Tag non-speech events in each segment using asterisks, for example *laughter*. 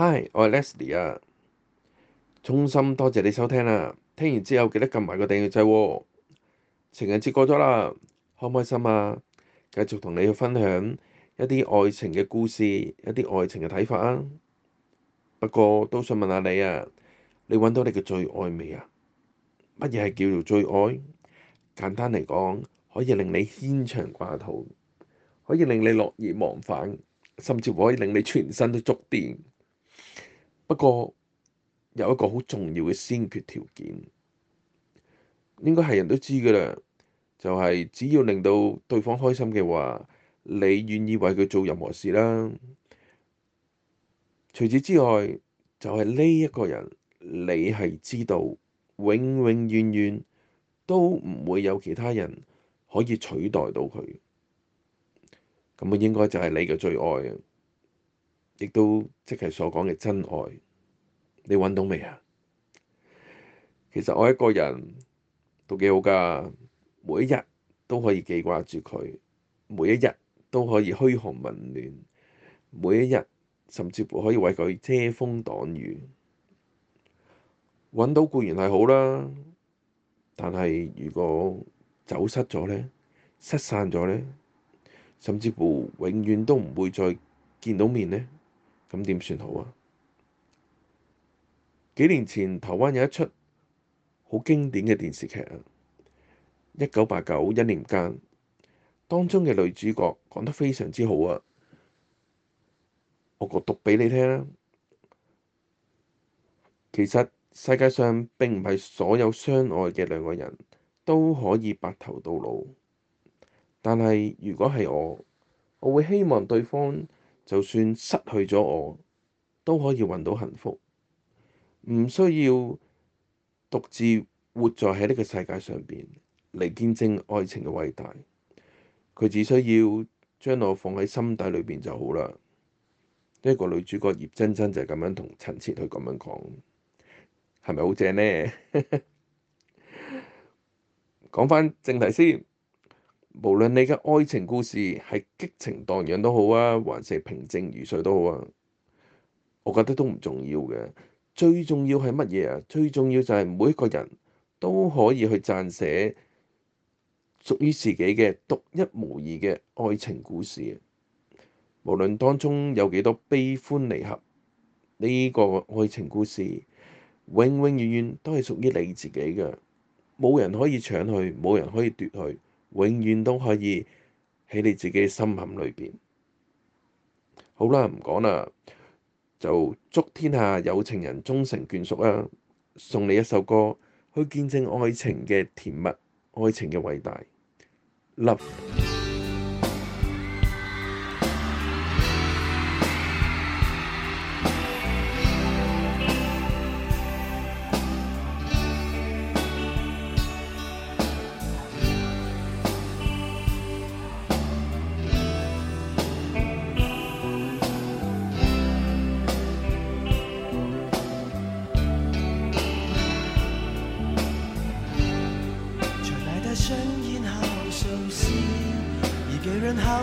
Hi，我係 Leslie 啊，衷心多謝你收聽啦，啊。聽完之後記得撳埋個訂閱掣。情人節過咗啦，開唔開心啊？繼續同你去分享一啲愛情嘅故事，一啲愛情嘅睇法啊。不過都想問下你啊，你揾到你嘅最愛未啊？乜嘢係叫做最愛？簡單嚟講，可以令你牽腸掛肚，可以令你樂而忘返，甚至乎可以令你全身都觸電。不過有一個好重要嘅先決條件，應該係人都知㗎喇，就係只要令到對方開心嘅話，你願意為佢做任何事啦。除此之外，就係呢一個人，你係知道永永遠遠都唔會有其他人可以取代到佢，咁啊應該就係你嘅最愛。亦都即係所講嘅真愛，你揾到未啊？其實我一個人都幾好㗎，每一日都可以記掛住佢，每一日都可以噓寒問暖，每一日甚至乎可以為佢遮風擋雨。揾到固然係好啦，但係如果走失咗咧，失散咗咧，甚至乎永遠都唔會再見到面咧。咁點算好啊？幾年前台灣有一出好經典嘅電視劇啊，一九八九一年間，當中嘅女主角講得非常之好啊，我個讀畀你聽啦。其實世界上並唔係所有相愛嘅兩個人都可以白頭到老，但係如果係我，我會希望對方，就算失去咗我，都可以揾到幸福，唔需要獨自活在喺呢個世界上邊嚟，見證愛情嘅偉大。佢只需要將我放喺心底裏邊就好啦。一個女主角葉珍珍就係咁樣同陳哲去咁樣講，係咪好正咧？講 *laughs* 翻正題先。無論你嘅愛情故事係激情蕩漾都好啊，還是平靜如水都好啊，我覺得都唔重要嘅。最重要係乜嘢啊？最重要就係每一個人都可以去撰寫屬於自己嘅獨一無二嘅愛情故事。無論當中有幾多悲歡離合，呢個愛情故事永永遠遠都係屬於你自己嘅，冇人可以搶去，冇人可以奪去。永遠都可以喺你自己心坎裏邊。好啦，唔講啦，就祝天下有情人終成眷屬啊！送你一首歌，去見證愛情嘅甜蜜，愛情嘅偉大。Love。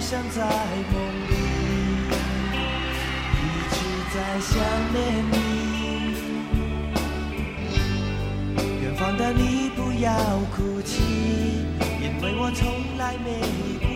想在夢裡，一直在想念你。遠方的你不要哭泣，因為我從來沒。